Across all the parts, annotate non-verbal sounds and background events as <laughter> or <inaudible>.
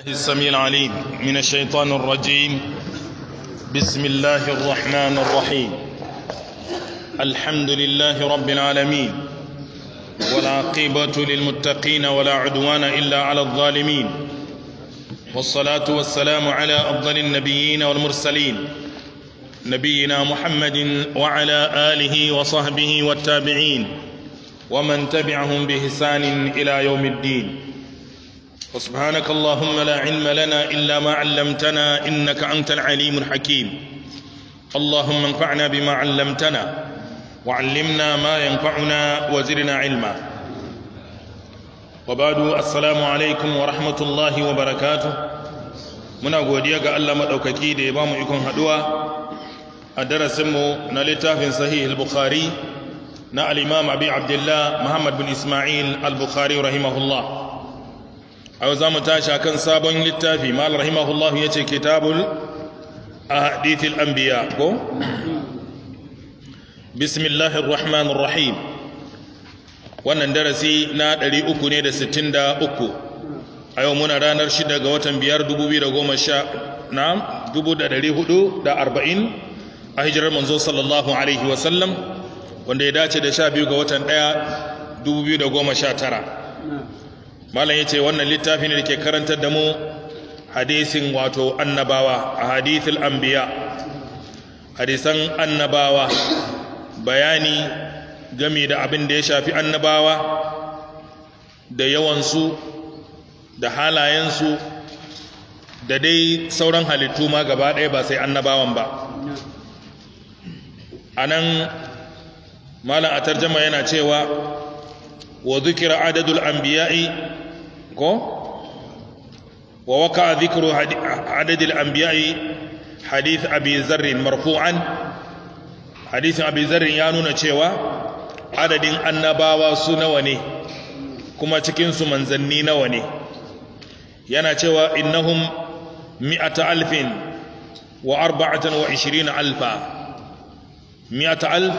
الله السميع العليم من الشيطان الرجيم بسم الله الرحمن الرحيم الحمد لله رب العالمين والعاقبة للمتقين ولا عدوان إلا على الظالمين والصلاة والسلام على أفضل النبيين والمرسلين نبينا محمد وعلى آله وصحبه والتابعين ومن تبعهم بإحسان إلى يوم الدين وسبحانك اللهم لا علم لنا إلا ما علمتنا إنك أنت العليم الحكيم اللهم انفعنا بما علمتنا وعلمنا ما ينفعنا وزرنا علما وبعد السلام عليكم ورحمة الله وبركاته muna godiya ga Allah maɗaukaki da ya ba ikon haɗuwa a darasinmu na littafin sahih al na al-imam abi abdullah bin isma'il al rahimahullah a za mu tashi kan sabon littafi ma rahimahullah ya ce kitabul a hadithil anbiya ko bismillahir rahmanir rahim wannan darasi na 363 a yau muna ranar 6 ga watan 5 2010 a hijirar manzo sallallahu alaihi wasallam wanda ya dace da 12 ga watan 1 2019 malam ya ce wannan littafi ne ke karantar da mu hadisin wato annabawa a hadithul anbiya hadisan annabawa bayani game da abin da ya shafi annabawa da yawansu da halayensu da dai sauran halittu ma gaba ɗaya ba sai annabawan ba a nan malam a tarjama yana cewa wa zukira adadul anbiya'i ko wa waka dhikru adadil anbiya'i hadith abi zarr marfu'an hadithin abi zarr ya nuna cewa adadin annabawa su nawa ne kuma cikin su manzanni nawa ne yana cewa innahum mi'ata alfin wa arba'atan wa ishirina alfa mi'ata alf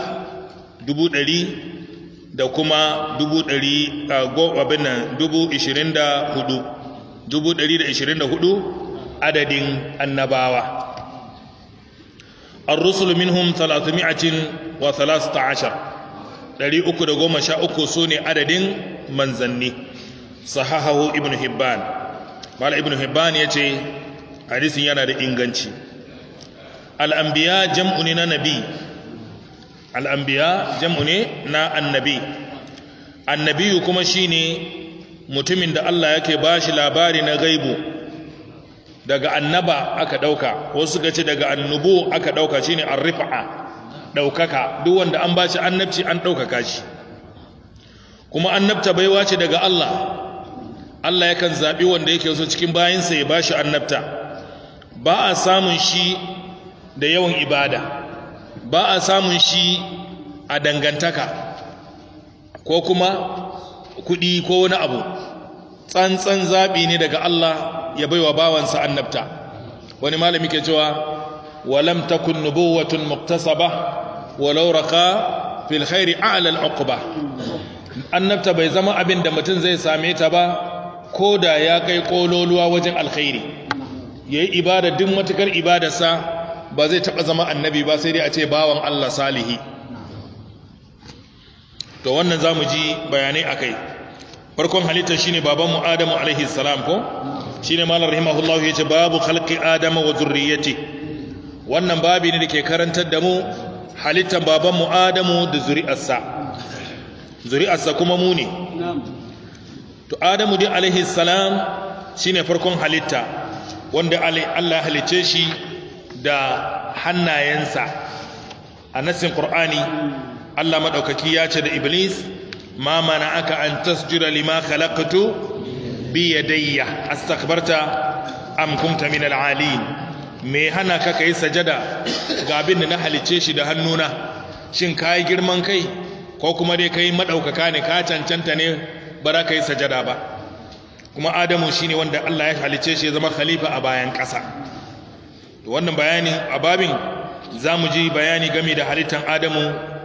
dubu ɗari da kuma dubu ɗari abin nan dubu ishirin da hudu dubu ɗari da ishirin da hudu adadin annabawa An الرسل منهم wa talasta ashar. ɗari uku da goma sha uku su ne adadin manzanni sahahahu ibn hibban Bala ibn hibban ya ce hadisin yana da inganci al'ambiya jam'uni na nabi al'ambiya jam'u ne na annabi annabiyu kuma shi ne mutumin da Allah yake ba shi labari na gaibu daga annaba aka ɗauka wasu suka daga annubu aka ɗauka shine arrifa'a ɗaukaka duk wanda an ba shi annabci an ɗaukaka shi kuma annabta baiwa ce daga Allah Allah yakan zaɓi wanda yake wasu cikin bayansa ya ba shi annabta ba a samun shi da yawan ibada ba a samun shi a dangantaka ko kuma kuɗi ko wani abu tsantsan zaɓi ne daga Allah ya baiwa bawansa annabta wani malami ke cewa walam takun nubuwatun muktasaba walau raka fil khairi a'la al annabta bai zama abin da mutum zai same ta ba ko da ya kai kololuwa wajen alkhairi yayi ibada duk matukar ibadarsa ba zai taɓa zama annabi ba sai dai a ce bawan Allah salihi to wannan za mu ji bayanai a kai farkon halittar shine babanmu adamu alaihi salam ko shine malar rahimahullahu ya ce babu halki adama wa zurriyati wannan babi ne da ke karantar da mu halittar babanmu adamu da zuri'arsa zuri'arsa kuma mu ne to adamu din alaihi salam shine farkon halitta wanda Allah ya halicce shi da hannayensa a nassin qur'ani Allah maɗaukaki ya ce da iblis ma mana aka an tasjira lima khalaqtu bi yadayya astakbarta am kunta min al'alin me hana ka kai sajada ga abin da na halice shi da hannuna shin kai girman kai ko kuma dai kai maɗaukaka ne ka cancanta ne ka yi sajada ba kuma adamu shine wanda Allah ya halice shi ya zama khalifa a bayan ƙasa wannan bayanin a babin za mu ji bayani game da halittar adamu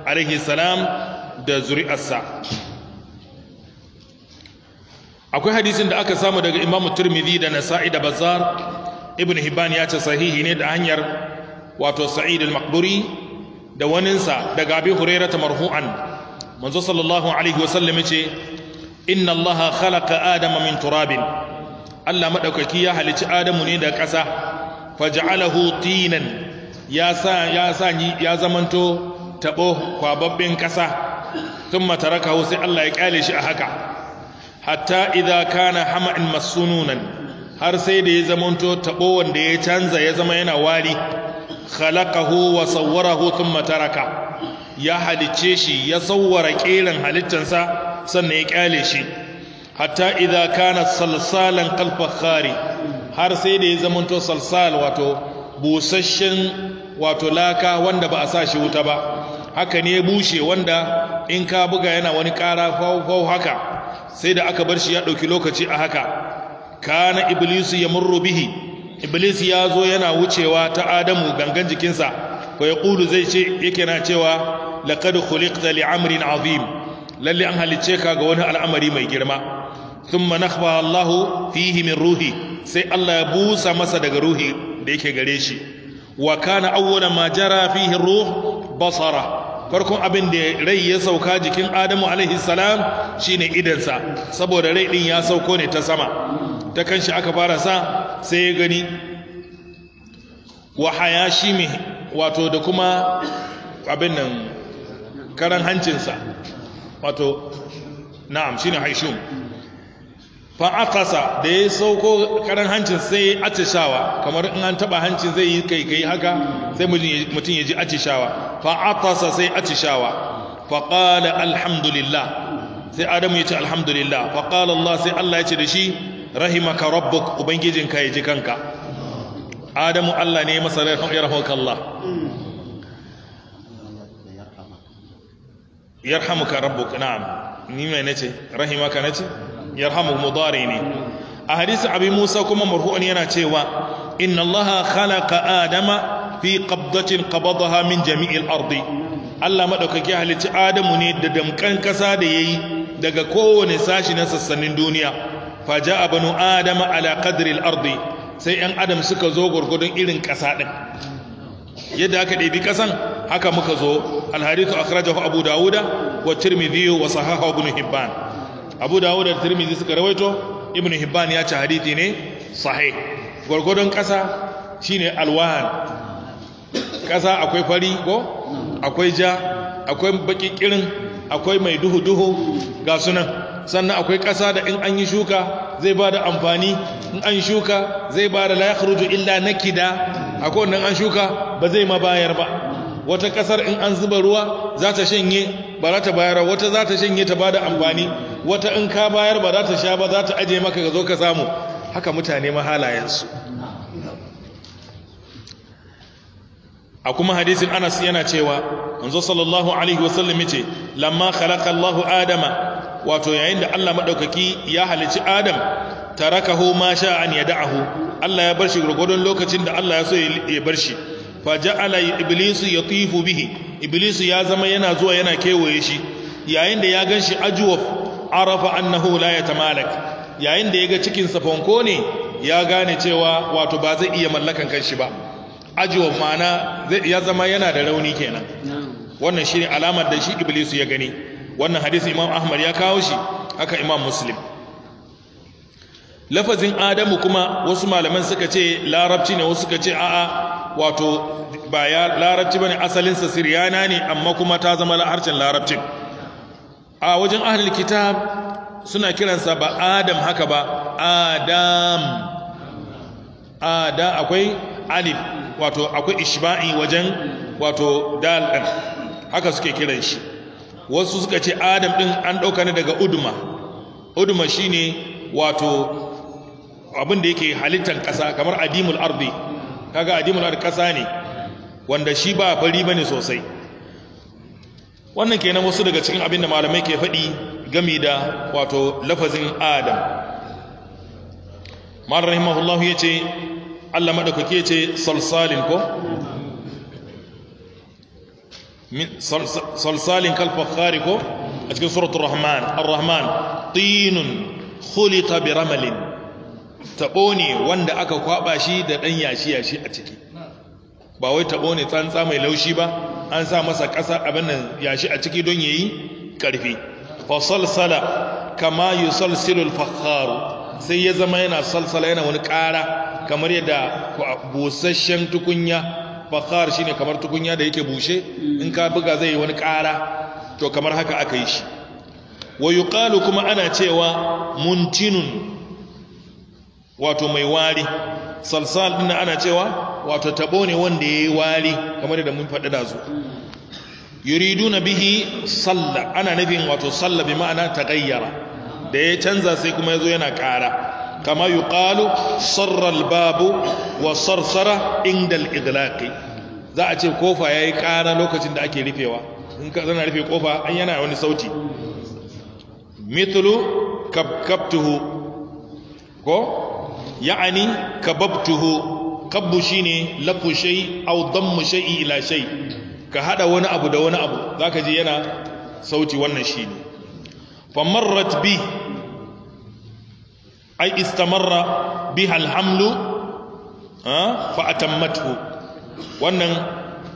alaihi salam da zuri'arsa akwai hadisin da aka samu daga imamu turmidi da nasa'i da bazar ibn hibban ya ce sahihi ne da hanyar wato sa'id al-maqburi da waninsa daga abi hurairata marfu'an manzo sallallahu alaihi wasallam ya ce inna allaha khalaqa adama min turabin allah madaukaki ya halici adamu ne da ƙasa faj'alahu tinan ya sa ya sa ya zamanto tabo kwababbin kasa thumma tarakahu sai Allah ya kyale shi a haka hatta idza kana hama'in masununan har sai da ya zamanto tabo wanda ya canza ya zama yana wari khalaqahu wa sawwarahu thumma taraka ya halice shi ya sawwara kiran halittansa sannan ya kyale shi hatta idza kana salsalan kal fakhari har sai da ya zamanto salsal wato busashen wato laka wanda ba a sa shi wuta ba haka ne ya bushe wanda in ka buga yana wani kara fau haka sai da aka bar shi ya ɗauki lokaci a haka kana iblisu ya murru bihi iblis ya zo yana wucewa ta adamu gangan jikinsa ko ya kulu zai ce yake na cewa laqad khuliqta li amrin azim lalle an halicce ka ga wani al'amari mai girma thumma nakhba Allahu fihi min ruhi sai Allah ya busa masa daga ruhi da yake gare shi wa kana awwala ma jara fihi ruh basara farkon abin da rai ya sauka jikin Adamu alaihi salam shine idansa saboda rai din ya sauko ne ta sama ta kanshi aka fara sa sai ya gani wa mi wato da kuma abin nan karan hancinsa wato na'am shine haishum Fa fa'akasa da ya sauko karan hancin sai atishawa kamar in an taba hancin zai yi kai-kai haka sai mutum ya ji atishawa fa'akasa sai atishawa fa faƙala alhamdulillah sai adamu ya ce alhamdulillah faƙala Allah sai Allah ya ce da shi rahimaka rabbuk ubangijinka ya ji kanka adamu Allah ne masa yarhamuka Allah yarhamuka rabbuk na'am ni mai nace rahimaka nace yarhamu mudari ne a hadisi abi musa kuma marhu'un yana cewa inna Allah khalaqa adama fi qabdatin qabadaha min jami'il ardi Allah madaukaki halicci Adamu ne da damkan kasa da yayi daga kowane sashi na sassanin duniya a banu adama ala qadri ardi sai yan adam suka zo gurgudun irin kasa din yadda aka ɗebi ƙasan, haka muka zo al-hadithu akhrajahu abu dawuda wa tirmidhi wa sahahahu ibn hibban abu dawud da tirmidhi suka rawaito ibnu hibban ya ce hadisi ne sahih gwargwadon ƙasa shine alwan ƙasa akwai fari ko akwai ja akwai bakikirin akwai mai duhu duhu ga sunan sannan akwai ƙasa da in an yi shuka zai bada da amfani in an shuka zai bada da yakhruju illa nakida akwai wannan an shuka ba zai ma bayar ba wata ƙasar in an zuba ruwa za ta shanye ba za ta bayar wata za ta shanye ta bada amfani wata in ka bayar ba za ta sha ba za ta aje maka ga zo ka samu haka mutane mahalayensu a kuma hadisin anas yana cewa manzo sallallahu alaihi wasallam yace lamma khalaqa Allahu adama wato yayin da Allah madaukaki ya halici adam tarakahu ma sha an yada'ahu Allah ya bar shi gurgurdon lokacin da Allah ya so ya bar shi faja'ala iblisu ya yatifu bihi iblisu ya zama yana zuwa yana kewaye shi yayin da ya ganshi ajwaf arafa annahu la yatamalak yayin da yaga cikin sa fanko ne ya gane cewa wato ba zai iya mallakan kanshi ba ajwaf mana ya zama yana da rauni kenan wannan shine alamar da shi iblisu ya gani wannan hadisi imam ahmad ya kawo shi haka imam muslim lafazin adamu kuma wasu malaman suka ce larabci ne wasu suka ce a'a wato ba ya larabci bane asalinsa siryana ne amma kuma ta zama harshen larabcin a wajen ahlul kitab suna kiransa ba adam haka ba adam ada akwai alif wato akwai ishba'i wajen wato dal din haka suke kiran shi wasu suka ce adam din an dauka ne daga uduma uduma shine wato abin da yake halittan kasa kamar adimul ardi kaga adimul ard kasa ne wanda shi ba fari bane sosai wannan kenan wasu daga cikin abinda malamai ke faɗi gami da wato lafazin adam ma'ar rahimahullahu ya ce allah maɗaukake ce salsalin ko Min salsalin kal kalfakhari ko a cikin suratun rahman ar-rahman tinun khuliqa bi ramalin taɓo ne wanda aka kwaɓa shi da ɗan yashi-yashi a ciki ba wai taɓo ne tsantsa mai laushi ba an sa masa ƙasa abin nan yashi a ciki don yayi ƙarfi salsala, kama yi fakhar sai ya zama yana salsala yana wani ƙara kamar yadda busasshen tukunya fakhar shine kamar tukunya da yake bushe in ka buga zai yi wani ƙara to kamar haka aka yi shi wa yuqalu kuma ana cewa muntinun wato mai wari salsal din ana cewa wato tabo ne wanda yayi wari kamar da mun faɗi dazu yuriduna bihi salla ana nufin wato salla bi ma'ana gayyara da ya canza sai kuma yazo yana ƙara kama yuqalu sarra albabu wa sarsara inda idlaqi za a ce kofa yayi ƙara lokacin da ake rufewa in ka zana rufe kofa an yana wani sauti mithlu kabkabtuhu ko ya'ani kababtuhu kabbu shine lafu shay aw dammu shay'i ila shay ka hada wani abu da wani abu zaka ji yana sauti wannan shine famarrat bi ay istamarra biha alhamlu wannan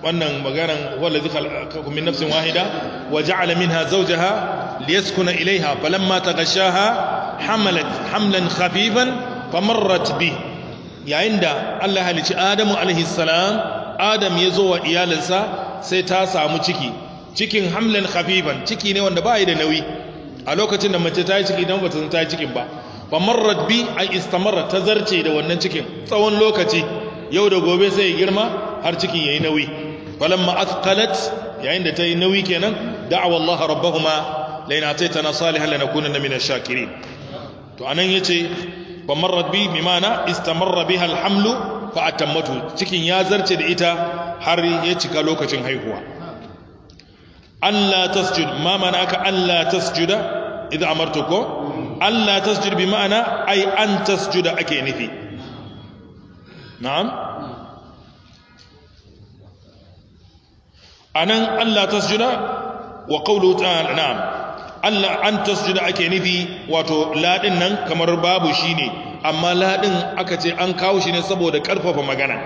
wannan maganan wallazi khalaqakum min nafsin wahida wa ja'ala minha zawjaha liyaskuna ilayha falamma taghashaha hamalat hamlan khafifan famarrat bi yayin da Allah halici Adamu alaihi salam Adam ya zo wa iyalinsa sai ta samu ciki cikin hamlan khafifan ciki ne wanda ba yi da nauyi a lokacin da mace ta yi ciki dan bata ta yi cikin ba famarrat bi ai istamarra ta zarce da wannan cikin tsawon lokaci yau da gobe sai ya girma har cikin yayi nauyi falamma athqalat yayin da ta yi nauyi kenan da'awa Allah rabbahuma la in ataitana salihan lanakuna min ash-shakirin to anan yace wa marrat bi mimana istamarra biha alhamlu fa atammatu cikin ya zarce da ita har ya cika lokacin haihuwa Allah tasjud ma mana aka Allah tasjuda idan amartuko Allah tasjud bi ma'ana ai an tasjuda ake nufi na'am anan Allah tasjuda wa qawlu ta'ala na'am Allah an tasjuda ake nufi wato ladin nan kamar babu shi ne amma ladin aka ce an kawo shi ne saboda ƙarfafa magana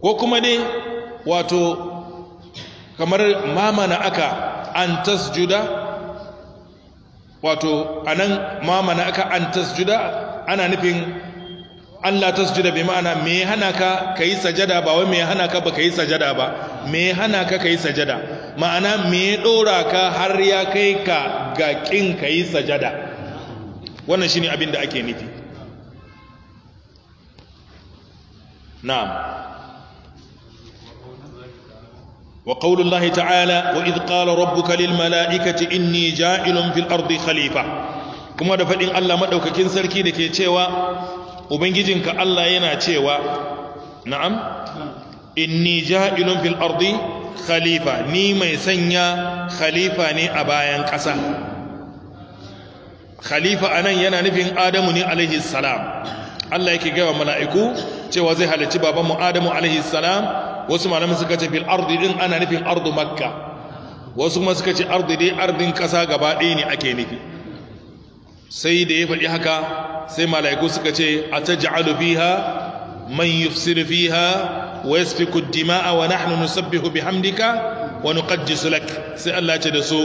ko kuma ne wato kamar mamana aka an tasjuda wato anan mamana aka an tasjuda ana nufin Allah tasjuda bi ma'ana me hana ka kai sajada ba wai me hana ka ba yi sajada ba me hana ka kai sajada ma'ana me ɗora ka har ya kai ka ga kin yi sajada wannan ne abin da ake nufi na'am wa qaulullahi ta'ala wa id qala rabbuka lil mala'ikati inni ja'ilun fil ardi khalifa kuma da faɗin Allah maɗaukakin sarki da ke cewa ubangijinka Allah yana cewa na'am inni ja'ilun fil ardi khalifa ni mai sanya khalifa ne a bayan ƙasa khalifa anan yana nufin adamu ne alaihi salam Allah yake gaba wa mala'iku cewa zai halarci babanmu adamu alaihi salam wasu malamin suka ce fil ardi din ana nufin ardu makka wasu kuma suka ce ardi dai ardin ƙasa gaba ɗaya ne ake nufi sai da ya faɗi haka sai mala'iku suka ce a ta ja'alu fiha man yufsiru fiha wa yasfiku dima'a wa nahnu nusabbihu bihamdika wa nuqaddisu lak sai Allah ce da su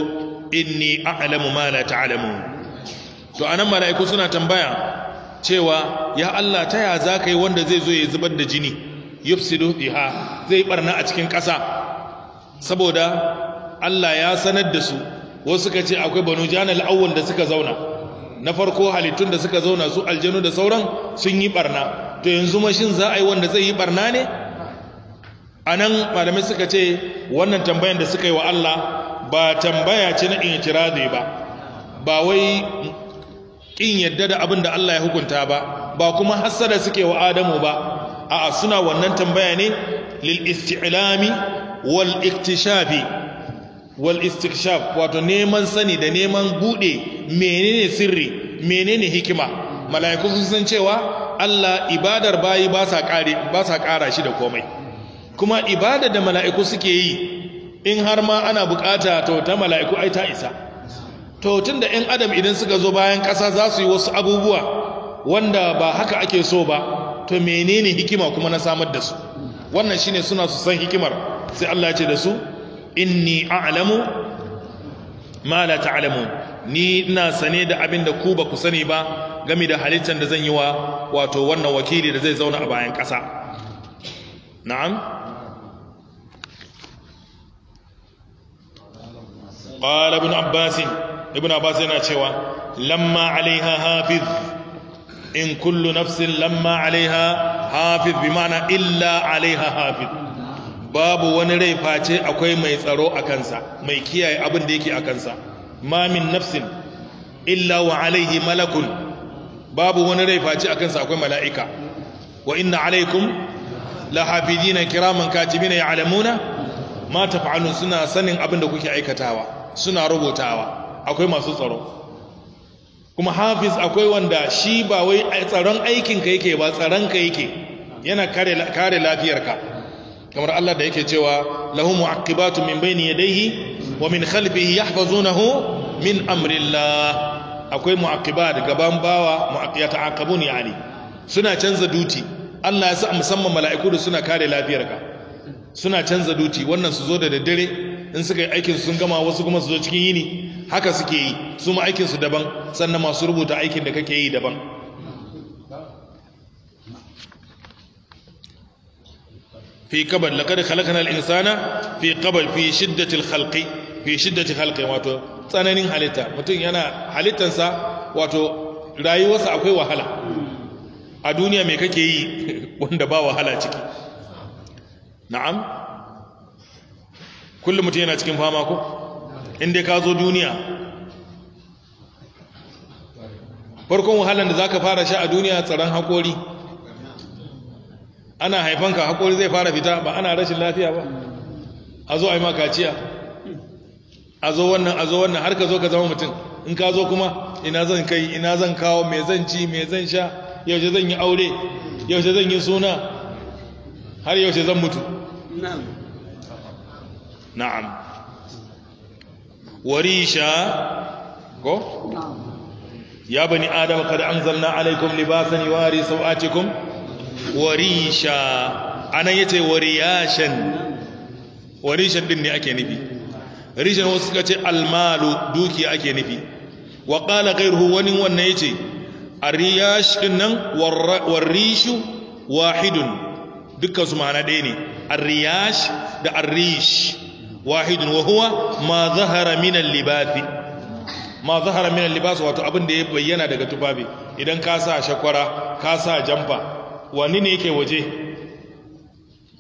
inni a'lamu ma la ta'lamun to anan mala'iku suna tambaya cewa ya Allah ta ya za ka yi wanda zai zo ya zubar da jini yufsidu fiha zai barna a cikin ƙasa saboda Allah ya sanar da su wasu suka ce akwai banu janal awwal da suka zauna na farko halittun da suka zauna su aljanu da sauran sun yi barna to yanzu mashin za a yi wanda zai yi barna ne a nan malamai suka ce wannan tambayan da suka yi wa Allah ba tambaya ce na inkirari ba ba wai kin yadda da abin da Allah ya hukunta ba ba kuma hassada suke wa Adamu ba a'a suna wannan tambaya ne lil isti'lami wal iktishafi wal istikshaf wato neman sani da neman bude menene sirri menene hikima mala'iku sun san cewa Allah ibadar bayi ba sa kare ba sa kara shi da komai kuma ibada da mala'iku suke yi in har ma ana bukata to ta mala'iku ai ta isa to tunda ɗan adam idan suka zo bayan kasa za su yi wasu abubuwa wanda ba haka ake so ba to menene hikima kuma na samar da su wannan shine suna su san hikimar sai Allah ya ce da su inni a'lamu ma la ta'lamun ni ina sane da abinda ku ba ku sani ba game da halittar da zan yi wa wato wannan wakili da zai zauna a bayan ƙasa na'am qala ibn abbas ibn abbas yana cewa lamma alaiha hafiz in kullu nafsin lamma alaiha hafiz bi ma'ana illa alaiha hafiz babu wani rai face akwai mai tsaro a kansa mai kiyaye abin da yake a kansa ma nafsin illa wa alaihi malakun babu wani rai face a kansa akwai mala'ika wa inna alaikum la hafidina kiraman ya alamuna ma fa’anu suna sanin abin da kuke aikatawa suna rubutawa akwai masu tsaro kuma hafiz akwai wanda shi ba wai tsaron aikinka yake ba tsaronka yake yana kare lafiyarka kamar Allah da yake cewa lahu mu'aqibatu min bayni yadayhi wa min khalfihi yahfazunahu min amrillah akwai mu'aqibat gaban bawa mu'aqiyata aqabun yani suna canza duti Allah ya sa musamman mala'iku da suna kare lafiyar ka suna canza duti wannan su zo da daddare in suka yi aikin sun gama wasu kuma su zo cikin yini haka suke yi su ma aikin su daban sannan masu rubuta aikin da kake yi daban fi qabl laqad khalaqnal insana fi qabl fi shiddatil khalqi fi shiddati khalqi wato tsananin halitta mutum yana halittansa wato rayuwarsa akwai wahala a duniya me kake yi <laughs> wanda ba wahala ciki na'am kullum mutum yana cikin fama ko inda ka zo duniya farkon wahalar da za ka fara sha a duniya tsaron haƙori. ana haifanka haƙori zai fara fita ba ana rashin lafiya ba a zo a yi makaciya a zo wannan a zo wannan har ka zo ka zama mutum in ka zo kuma ina zan kai ina zan kawo me zan ci me zan sha yaushe zan yi aure yaushe zan yi suna har yaushe zan mutu na'am warisha ko ya bani adama kada anzalna alaikum libasan yuwari sau'atikum warisha anan yace wariyashan warishan din ne ake nufi rishan wasu suka ce almalu dukiya ake nufi wa qala ghayruhu wani wannan yace ariyash din nan warishu wahidun dukkan su ma'ana ɗaya ne ariyash da arish wahidun wa huwa ma zahara min al-libathi ma zahara min al-libas wato abin da ya bayyana daga tufafi idan ka sa shakwara ka sa jamfa wani ne yake waje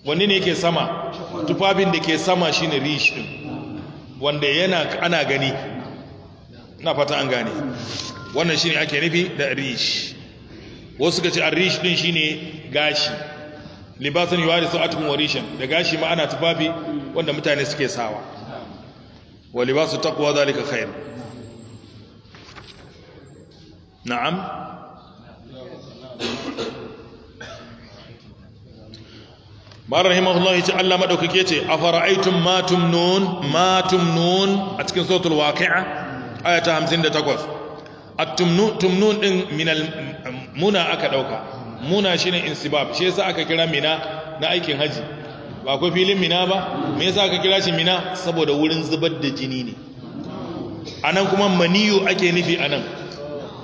wani ne yake sama tufafin da ke sama shine rish din wanda yana ana gani na fata an gane wannan shine ake nufi da rish wasu ka ce rish din shine gashi libasan yuwarisu atkum warishan da gashi ma ana tufafi wanda mutane suke sawa wa libasu taqwa zalika khair na'am ba rahimahullah ya ce Allah madaukake ce a fara'aitun matum nun matum nun a cikin sautul waƙi'a aya ta 58 a tumnun ɗin minal muna aka ɗauka muna shi ne insibab shi yasa aka kira mina na aikin haji ba akwai filin mina ba me yasa aka kira shi mina saboda wurin zubar da jini ne anan kuma maniyu ake nufi anan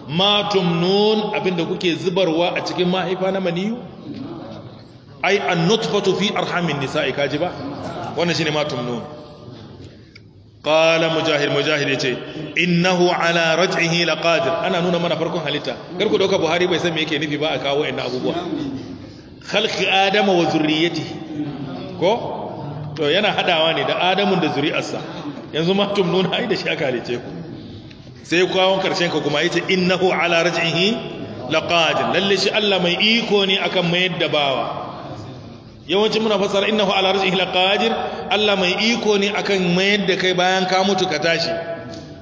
matum nun abinda kuke zubarwa a cikin mahaifa na maniyu ai nutfatu fi arhamin nisa'i kaji ba wannan shine ma tumnun qala mujahid mujahid yace innahu ala raj'ihi laqadir ana nuna mana farkon halitta kar ku dauka buhari bai san me yake nufi ba a kawo wa'annan abubuwa khalqi adama wa zurriyyatihi ko to yana hadawa ne da adamun da zuri'arsa yanzu ma tumnun ai da shi aka halice ku sai kawon karshen ka kuma yace innahu ala raj'ihi laqadir lalle shi Allah mai iko ne akan mayar da bawa Yawancin muna fasara innahu ala rizqihi laqadir Allah mai iko ne akan mayar da kai bayan ka mutu ka tashi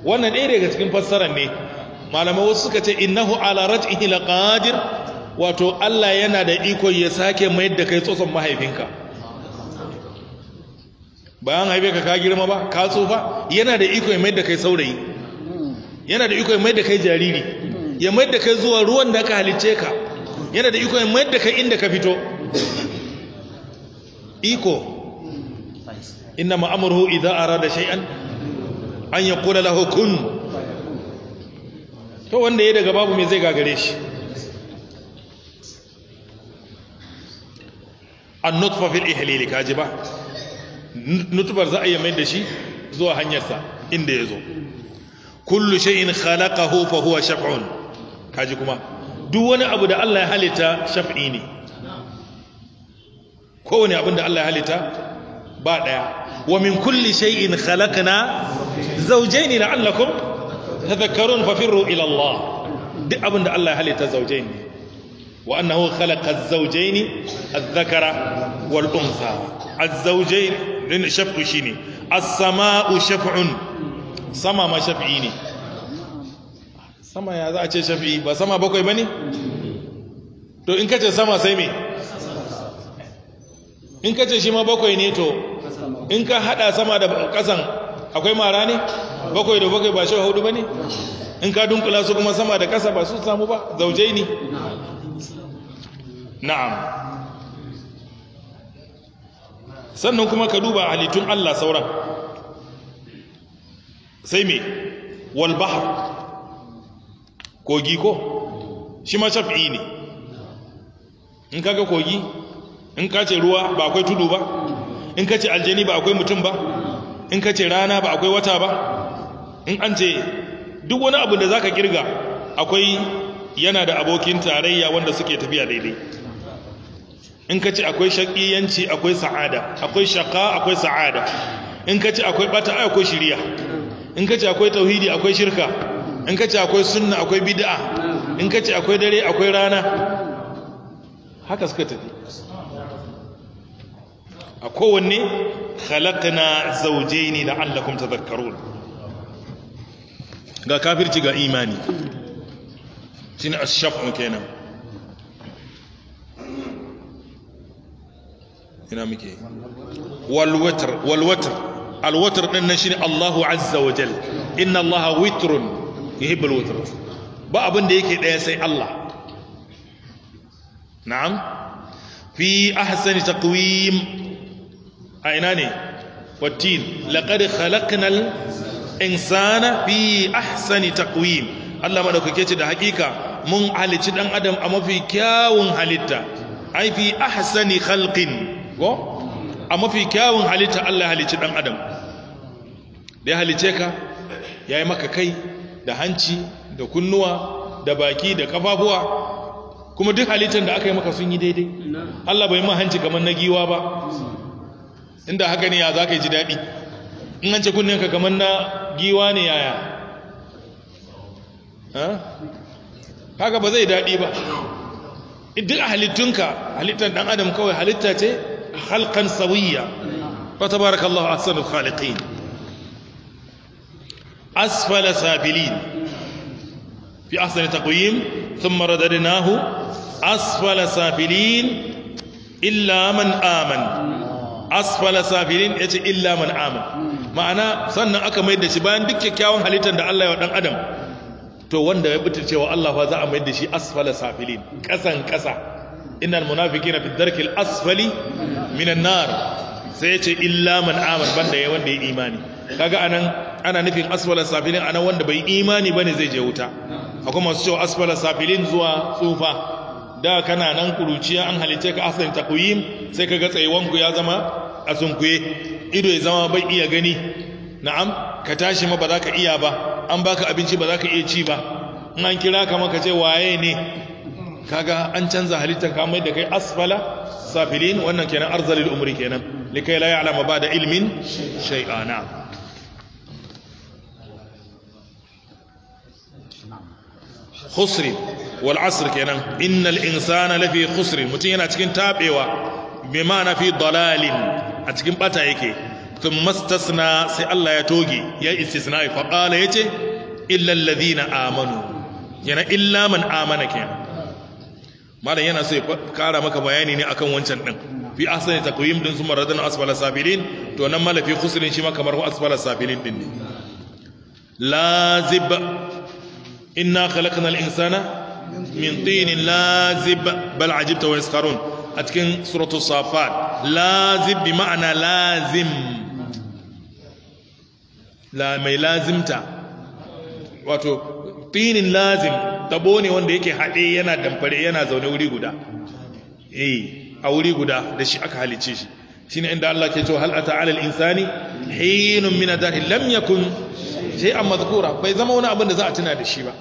wannan ɗaya daga cikin fassarar ne malamai wasu suka ce innahu ala rizqihi laqadir wato Allah yana da iko ya sake mayar da kai tsotson mahaifinka bayan haife ka ka girma ba ka tsufa yana da iko ya mayar da kai saurayi yana da iko ya mayar da kai jariri ya mayar da kai zuwa ruwan da ka halicce ka yana da iko ya mayar da kai inda ka fito iko inna ma'amurhu idza arada shay'an an yaqula lahu kun to wanda yayi daga babu me zai gagare shi an-nutfa fil ihlil kaji ba nutfar za a yi mai da shi zuwa hanyarsa inda ya zo. kullu shay'in khalaqahu fa huwa shaf'un kaji kuma duk wani abu da Allah ya halitta shaf'i ne kowane abin da Allah ya halitta ba daya wa min kulli shay'in khalaqna zawjayn la'allakum tadhakkarun fafirru ila Allah duk abin da Allah ya halitta zawjayn wa annahu khalaqa az-zawjayn adh-dhakara wal untha az-zawjayn din shafqu shine as-sama'u shaf'un sama ma shaf'i ne sama ya za a ce shafi. ba sama bakwai ba ne? to in kace sama sai me in ka ce shi ma bakwai ne to in ka hada sama da kasan akwai mara ne bakwai da bakwai ba shi hudu ba ne in ka dunkula su kuma sama da kasa ba su samu ba zaujai ne na'am sannan kuma ka duba halittun Allah sauran sai me walbaha kogi ko shi ma shaf'i ne in kaga kogi in ka ce ruwa ba akwai tudu ba in ka ce aljani ba akwai mutum ba in ka ce rana ba akwai wata ba in an ce duk wani abu da za ka kirga akwai yana da abokin tarayya wanda suke tafiya daidai in ka ce akwai shaƙiyanci akwai sa'ada akwai shaƙa akwai sa'ada in ka ce akwai ɓata akwai shirya in ka ce akwai tauhidi akwai shirka in ka ce akwai sunna akwai bid'a in ka ce akwai dare akwai rana haka suka tafi a kowanne khalaqna zawjaini la'allakum tadhakkarun ga kafirci ga imani shine ash-shaf'u kenan ina muke wal Walwatar. wal watr al shi ne Allahu azza wa jal inna Allaha witrun yuhibbul witr ba abin da yake daya sai Allah na'am fi ahsani taqwim a ina ne wattin laqad khalaqnal insana fi ahsani taqwim Allah madaukake ce da hakika mun halici ɗan adam a mafi kyawun halitta ai fi ahsani khalqin go a mafi kyawun halitta Allah halici ɗan adam da ya halice ka yi maka kai da hanci da kunnuwa da baki da kafafuwa kuma duk halittar da aka yi maka sun yi daidai Allah bai ma hanci kamar na giwa ba inda haka ne ya za ka ji daɗi in an ce kunninka kamar na giwa ne yaya haka ba zai daɗi ba duk a halittunka halittar ɗan adam kawai halitta ce halkan sauyiya ba ta baraka Allah a sanar khaliƙin asfala sabilin fi asali taƙoyin sun maradari nahu asfala sabilin illa man aman asfala safirin yace illa man amin ma'ana sannan aka mai da shi bayan duk kyakkyawan halittar da Allah ya wa dan adam to wanda ya butar cewa Allah fa za a mai da shi asfala safilin kasan kasa innal munafiqina fi dharkil asfali minan nar sai yace illa man amin banda ya wanda ya imani kaga anan ana nufin asfala safilin anan wanda bai imani bane zai je wuta akwai masu cewa asfala safilin zuwa tsufa da kana nan kuruciya an halice ka asalin takuyim sai ka ga tsayuwanku ya zama a sunkuye ido ya zama bai iya gani na'am ka tashi ma ba za ka iya ba an baka abinci ba za ka iya ci ba in an kira ka maka ce waye ne kaga an canza halitta ka mai da kai asfala safilin wannan kenan arzalil umri kenan likai la ya'lamu ba da ilmin shay'ana khusri wal asr kenan innal insana lafi khusr mutum yana cikin tabewa bi ma'ana fi dalalin a cikin bata yake thumma istasna sai Allah ya toge ya istisna fa qala yace illa alladhina amanu yana illa man amana kenan malam yana so ya kara maka bayani ne akan wancan din fi ahsani taqwim din summa radana asfala sabilin to nan malafi khusrin shi ma kamar asfala sabilin din ne lazib inna khalaqna al-insana min tinin lazib bal ajibta wa yaskarun a cikin suratu safat lazib bi ma'ana lazim la mai lazimta wato tinin lazim tabo ne wanda yake haɗe yana damfare yana zaune wuri guda eh a wuri guda da shi aka halice shi shine inda Allah ke cewa hal ata alal insani hinun min kun, lam yakun shay'an madhkura bai zama wani abin da za a tuna da shi ba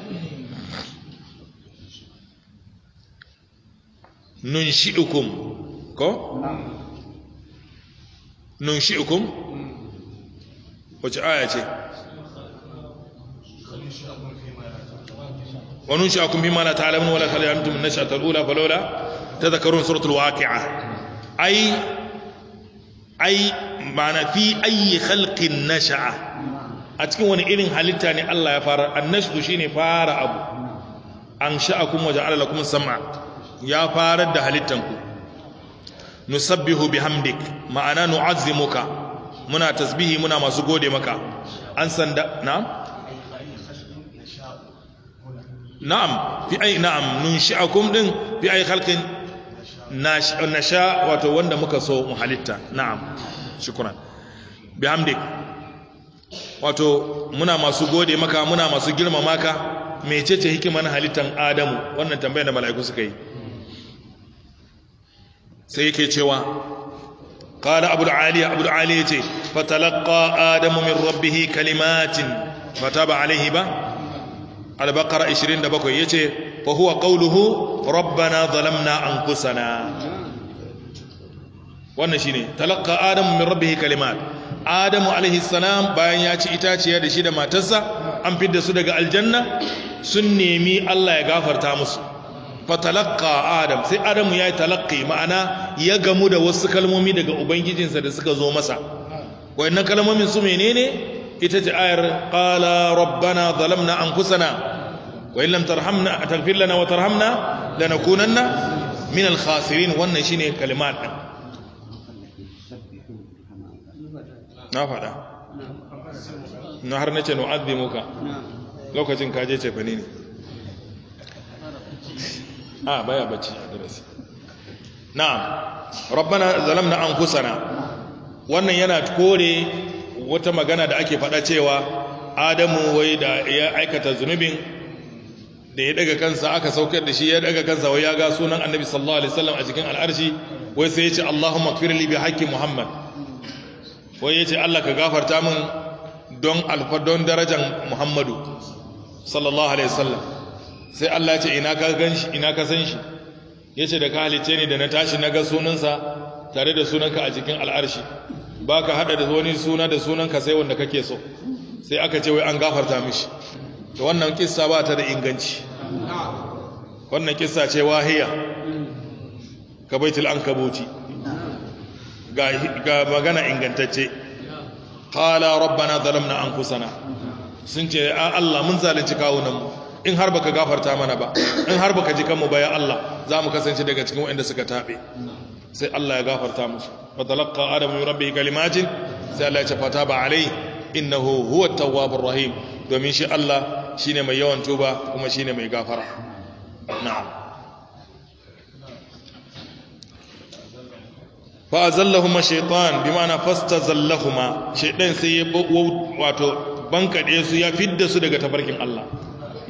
nunshi'ukum ko nunshi'ukum wace aya ce وننشأكم بما لا تعلمون ولا تعلمتم النشأة الأولى فلولا تذكرون سورة الواقعة أي أي معنى في أي خلق نشأ أتكون وأن إلين حالتاني الله يفار النشأ شيني فار أبو أنشأكم وجعل لكم السمع ya farar da halittanku nusabbihu bihamdik ma'ana nu'azzimuka muna tasbihi muna masu gode maka an sanda na'am na'am fi ai na'am nunshi'akum din fi ai khalqin nasha wato wanda muka so mu halitta na'am shukran bihamdik wato muna masu gode maka muna masu girmama ka mecece hikiman halittan adamu wannan tambayar da mala'iku suka yi sai yake cewa qala abul ali abul ali yace fatalaqa adamu min rabbih kalimatin fataba alayhi ba al-baqara 27 yace fa huwa qawluhu rabbana zalamna anfusana wannan shine talaqa adamu min rabbih kalimat adamu alaihi salam bayan ya ci itaciya da shi da matarsa an fidda su daga aljanna sun nemi Allah ya gafarta musu fatalaka adam sai adam ya yi talakki ma'ana ya gamu da wasu kalmomi daga ubangijinsa da suka zo masa wayannan kalmomin su menene ita ce ayar qala rabbana zalamna anfusana wa in lam tarhamna taghfir lana wa tarhamna lanakunanna min al-khasirin wannan shine kalimat din na fada na har nace nu'azzimuka lokacin kaje ce fa ne ah baya bacci a darasi na'am rabbana zalamna anfusana wannan yana kore wata magana da ake faɗa cewa adamu wai da ya aikata zunubin da ya daga kansa aka saukar da shi ya daga kansa wai ya ga sunan annabi sallallahu alaihi wasallam a cikin al'arshi wai sai ya ce Allahumma ighfir li bi haqqi Muhammad wai ya ce Allah ka gafarta min don alfa don darajar Muhammadu sallallahu alaihi wasallam sai Allah ce ina ka ganshi ina ka san shi yace da ka halice ni da na tashi na ga sunansa tare da sunanka a cikin al'arshi baka hada da wani suna da sunanka sai wanda kake so sai aka ce wai an gafarta mishi to wannan kissa ba ta da inganci wannan kissa ce wahiya ka baitul ankabuti ga ga magana ingantacce qala rabbana zalamna anfusana sun ce a Allah mun zalunci kawunan mu in har baka gafarta mana ba in har baka ji kanmu ba ya Allah za mu kasance daga cikin waɗanda suka taɓe sai Allah ya gafarta musu wa talaqqa adamu min rabbihi kalimatin sai Allah ya ce fataba alai innahu huwa tawwabur rahim domin shi Allah shine mai yawan tuba kuma shine mai gafara na'am fa azallahuma shaytan bima'ana fastazallahuma shaytan sai ya wato bankade su ya fidda su daga tabarkin Allah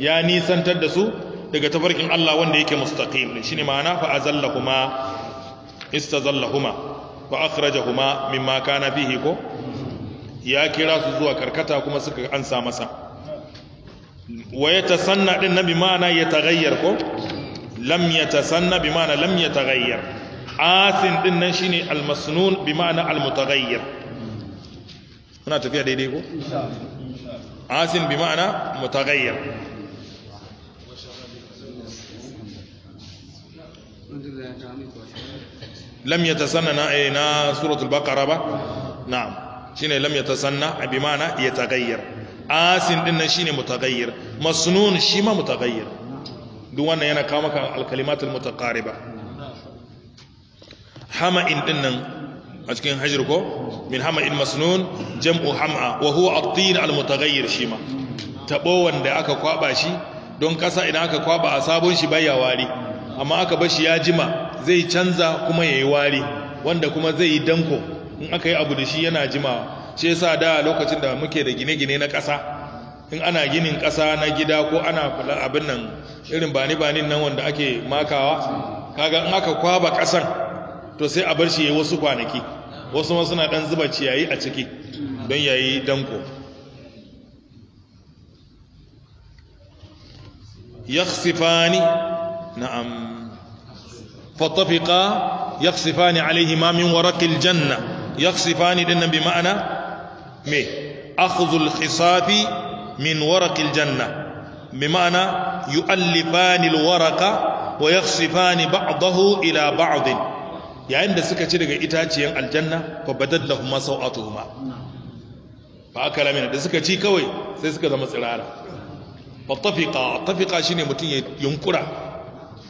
ya nisantar da su daga tafarkin Allah wanda yake mustaqim ne shine ma'ana fa azallahuma istazallahuma wa akhrajahuma mimma kana fihi ko ya kira su zuwa karkata kuma suka ansa masa wa yatasanna din nabi ma'ana ya yataghayyar ko lam yatasanna bi ma'ana lam yataghayyar asin din nan shine almasnun bi ma'ana almutaghayyir Kuna tafiya daidai ko asin bi ma'ana mutaghayyir lam yatasanna eh na suratul baqara ba na'am shine lam yatasanna bi ma'ana yataghayyar asin din nan shine mutaghayyir masnun shi ma mutaghayyir duk wannan yana kawo maka alkalimatul mutaqariba hama'in din nan a cikin hajr ko min hama'in masnun jam'u ham'a wa huwa at-tin al-mutaghayyir shi ma wanda aka kwaba shi don kasa idan aka kwaɓa a sabon shi baya wari amma aka bashi ya jima zai canza kuma ya yi wari wanda kuma zai yi danko in aka yi abu da shi yana jimawa shi yasa da lokacin da muke da gine-gine na ƙasa in ana ginin ƙasa na gida ko ana kula abin nan irin bani-banin nan wanda ake makawa kaga in aka kwaba ƙasan to sai a bar shi yayi wasu kwanaki wasu ma suna dan zuba ciyayi a ciki don yayi danko yakhsifani na'am fatafiqa yakhsifani alaihima min waraqil janna yakhsifani dinnan bi ma'ana me akhdhu al min waraqil janna bi ma'ana yu'allifani al-waraqa wa yakhsifani ba'dahu ila ba'd yayin da suka ci daga itaciyan aljanna fa badallahuma sawatuhuma fa akala min da suka ci kawai sai suka zama tsirara fatafiqa shine mutum ya yunkura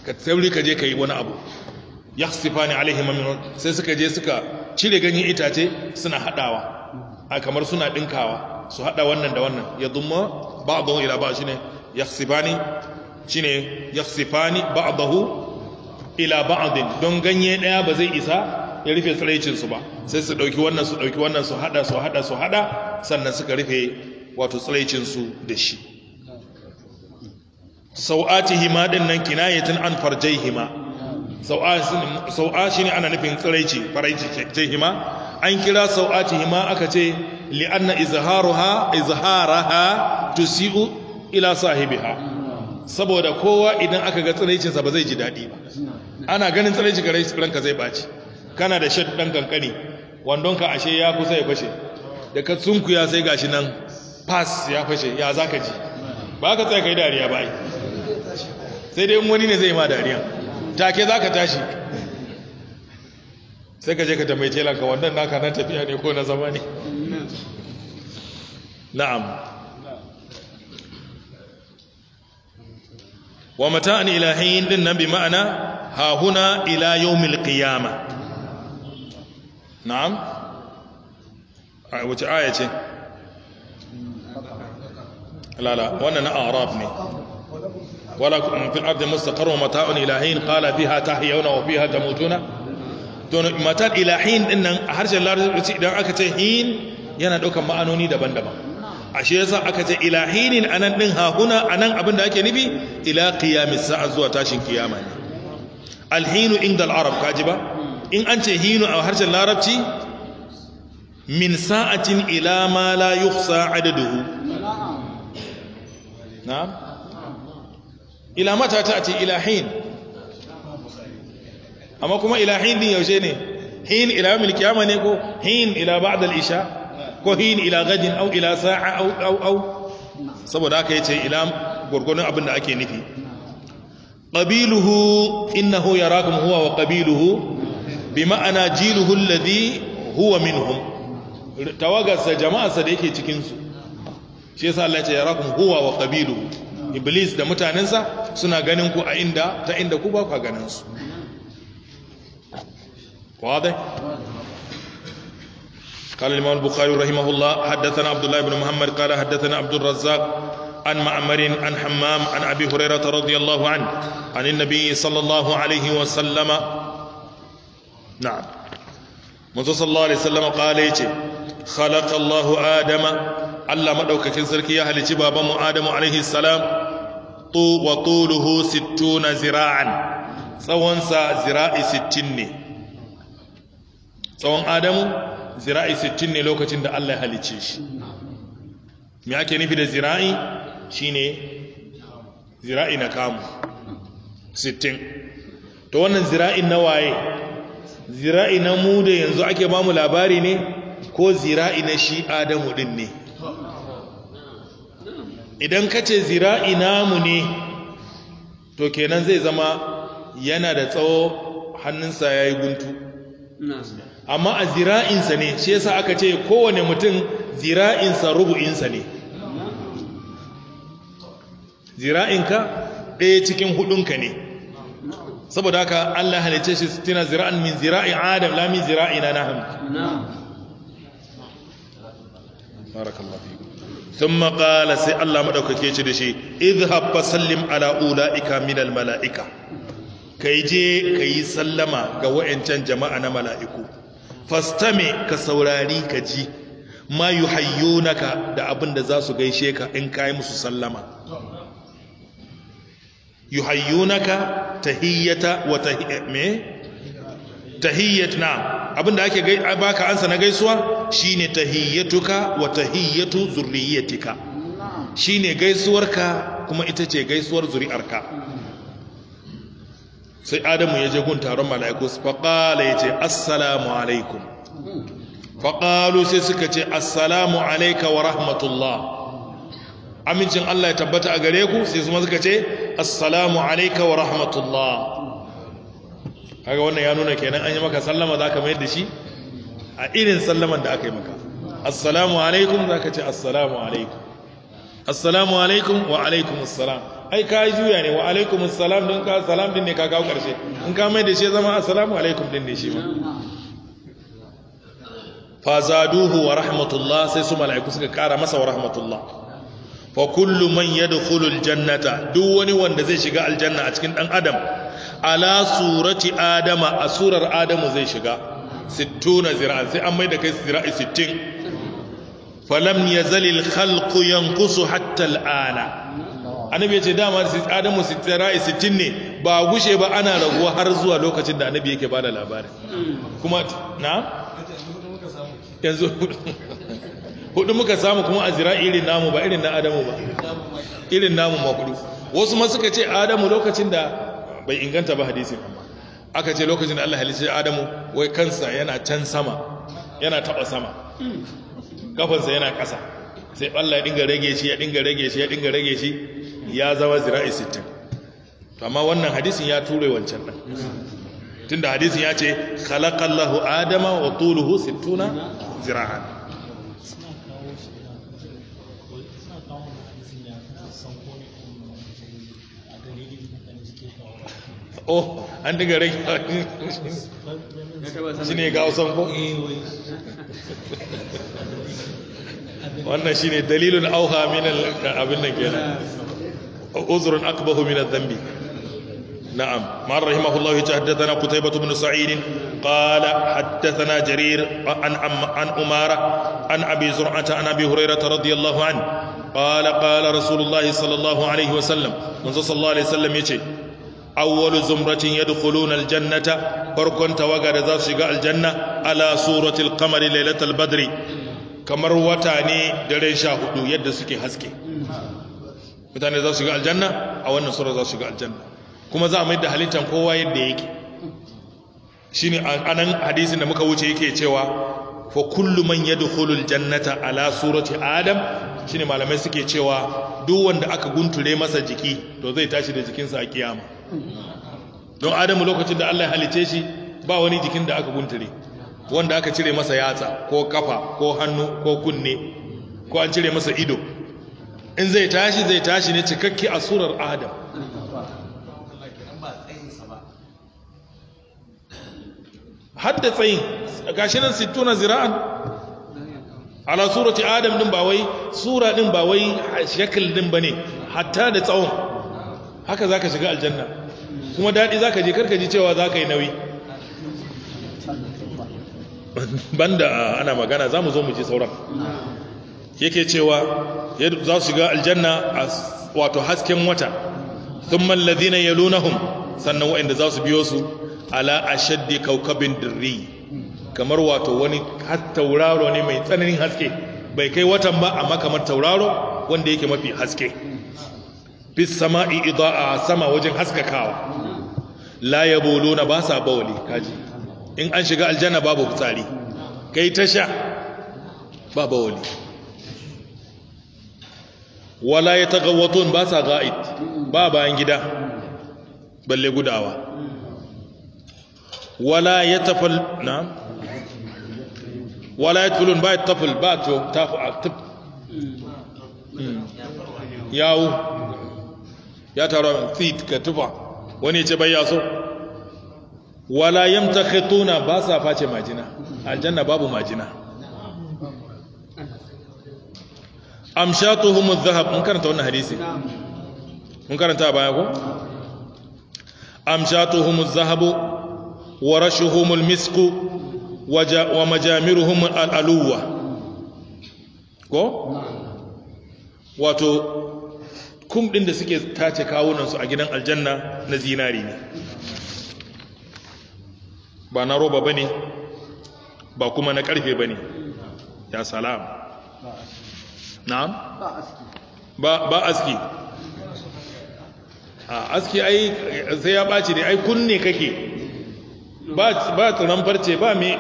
ka sauri ka je ka yi wani abu ya sifani alaihi mamin sai suka je suka cire ganyen itace suna haɗawa a kamar suna ɗinkawa su haɗa wannan da wannan ya ba a ila ba shine ya sifani ne ya sifani ba'dahu ila ba'din don ganye ɗaya ba zai isa ya rufe tsiraicinsu ba sai su ɗauki wannan su ɗauki wannan su haɗa su haɗa su haɗa sannan suka rufe wato tsiraicinsu da shi sau'atihima din nan kinayatan an hima, sau'ashi ne ana nufin tsiraici hima an kira hima aka ce li'anna izharuha izharaha tusiu ila sahibiha saboda kowa idan aka ga tsiraicinsa ba zai ji daɗi ba ana ganin tsiraici gare ranka zai baci kana da shad ɗan kankani wandonka ashe ya kusa ya fashe da ka ya sai gashi nan pass ya fashe ya za ka ji ba ka tsaya yi dariya ba yi sai dai wani ne zai ma dariya Ta ke za ka tashi sai ka je ka tambaye telanka wannan naka na tafiya ne ko na zama ne na'am wa mata an ilahiyin din nan bi ma'ana ha huna ila yau milkiyama. na'am wace aya ce lala wannan na arab ne ولكم في الأرض مستقر ومتاع إلى حين قال فيها تحيون وفيها تموتون don matar ilahin din nan a harshen larabci idan aka ce yana daukan ma'anoni daban-daban ashe yasa aka ce ilahinin anan din hahuna anan abin da ake nufi ila qiyamis sa'a zuwa tashin kiyama ne alhinu inda al-arab kaji ba in an ce hinu a harshen larabci min sa'atin ila ma la yuhsa adaduhu na'am ila mata ta ila ilahin amma kuma ilahin din yaushe ne hin ila mil kiyama ne ko hin ila ba'd al isha ko hin ila gadin au ila sa'a au au au saboda haka yace ila gurgurun abin da ake nufi qabiluhu innahu yarakum huwa wa qabiluhu bima'ana jiluhu alladhi huwa minhum tawagarsa jama'arsa da yake cikin su shi yasa Allah ya ce yarakum huwa wa qabiluhu iblis da mutanensa suna ganin ku a inda ta inda ku ba ku ganin su واضح قال الإمام البخاري رحمه الله حدثنا عبد الله بن محمد قال حدثنا عبد الرزاق عن معمر عن حمام عن أبي هريرة رضي الله عنه عن النبي صلى الله عليه وسلم نعم منذ صلى الله عليه وسلم قال يتي خلق الله آدم الله مدوك كنسرك يا أهل بابا آدم عليه السلام wa tuluhu sittuna zira'an tsawonsa zira'i sittin ne tsawon adamu zira'i sittin ne lokacin da Allah ya halice shi me ake nufi da zira'i shine zira'i na kamu sittin to wannan zira'in na waye zira'i na mu da yanzu ake mu labari ne ko zira'i na shi adamu din ne idan ka ce zira'i mu ne to kenan zai zama yana da tsawo hannunsa ya yi guntu amma a zira'insa ne shi yasa aka ce kowane mutum zira'insa rubu'insa ne zira'inka ɗaya cikin hudunka ne saboda haka Allah halice shi tana zira'in min zira'in adam la min zira'ina na barakallahu Tun maƙala sai Allah maɗaukake shi da shi izhab fa sallim ala ula'ika minal mala'ika kai je ka yi sallama ga wa'ancan jama'a na mala'iku fastame ka saurari ka ji ma yuhayyunaka da abin da za su gaishe ka in kai musu sallama yuhayyunaka tahiyyata wa tahiyyata Tahiyyat na abinda ake baka ansa na gaisuwa shine tahiyyatuka wa tahiyyatu zurriyyatika shine gaisuwarka kuma ita ce gaisuwar zuri'arka sai adamu ya je gun taron mala'iku faqala yace assalamu alaikum faqalu sai suka ce assalamu alayka wa rahmatullah amincin Allah ya tabbata a gare ku sai su suka ce assalamu alayka wa rahmatullah kaga wannan ya nuna kenan an yi maka sallama za ka mayar da shi a irin sallaman da aka yi maka assalamu alaikum za ka ce assalamu alaikum assalamu alaikum wa alaikum assalam ai ka yi juya ne wa alaikum assalam don ka salam din ne ka kawo karshe in ka mayar da shi zama assalamu alaikum din ne shi ma fazaduhu wa rahmatullah sai su mala'iku suka kara masa wa rahmatullah fa kullu man yadkhulu aljannata duk wani wanda zai shiga aljanna a cikin dan adam ala surati adama a surar adamu zai shiga na zira'an sai an mai da kai zira'i sittin falam ya zalil khalqu yankusu hatta al'ana annabi ya ce dama adamu zira'i sittin ne ba gushe ba ana raguwa har zuwa lokacin da annabi yake bada labari kuma na yanzu hudu muka samu kuma a zira irin namu ba irin na adamu ba irin namu ma hudu wasu ma suka ce adamu lokacin da bai inganta ba hadisin amma aka ce lokacin da Allah halice Adamu wai kansa yana can sama yana taba sama kafansa yana ƙasa sai Allah ya dinga rage shi ya dinga rage shi ya dinga rage shi ya zama zira'i 60 to amma wannan hadisin ya ture wancan din tunda hadisin ya ce khalaqallahu adama wa tuluhu 60 zira'an oh an diga zambi na'am ma'ar rahimahullahu ya ce haddathana kutaibatu bin umara an abi yace awwalu zumratin yadkhuluna aljannata farkon tawaga da za su shiga aljanna ala suratil qamari lailatul badri kamar wata ne daren sha hudu yadda suke haske mutane za su shiga aljanna a wannan sura za su shiga aljanna kuma za a mai da halittar kowa yadda yake shine anan hadisin da muka wuce yake cewa fa kullu man yadkhulu aljannata ala surati adam shine malamai suke cewa duk wanda aka guntule masa jiki to zai tashi da jikinsa a kiyama don adamu lokacin da Allah ya halice shi ba wani jikin da aka guntare wanda aka cire masa yatsa ko kafa ko hannu ko kunne ko an cire masa ido in zai tashi zai tashi ne cikakke a surar adam hadda tsayin gashi nan sittuna zira'an ala surati adam din ba wai sura din ba wai shakil din bane hatta da tsawon haka zaka shiga aljanna kuma daɗi za ka je karka ji cewa za ka yi nauyi banda ana magana za mu zo mu ji sauran yake cewa za su shiga aljanna a wato hasken wata sun mallazi na hun sannan waɗanda za su biyo su ala a shaddi kaukabin dirri kamar wato wani tauraro ne mai tsananin haske bai kai watan ba amma kamar tauraro wanda yake mafi haske bis sama'i ida'a sama wajen haskakawa la yabuluna ba sa bawli kaji in an shiga aljanna babu fitsari kai tasha ba bawli wala yataghawatun ba sa ga'id ba bayan gida balle gudawa wala yatafal na wala yatulun ba yatafal ba to tafu hmm. yawo ya taro fit ka tufa wani ya ce bayya so wala yamta khituna ba sa face majina aljanna babu majina amshatuhum adh-dhahab mun karanta wannan hadisi mun karanta baya ko amshatuhum adh-dhahab wa rashuhum al-misk wa majamiruhum al-alwa ko wato kum ɗin da suke tace kawunansu a gidan aljanna na zinari ne ba na roba ba ne ba kuma na ƙarfe ba ne ya salam na'am ba aski a aski ai sai ya ɓaci ne ai kunne kake ba tsiran farce ba me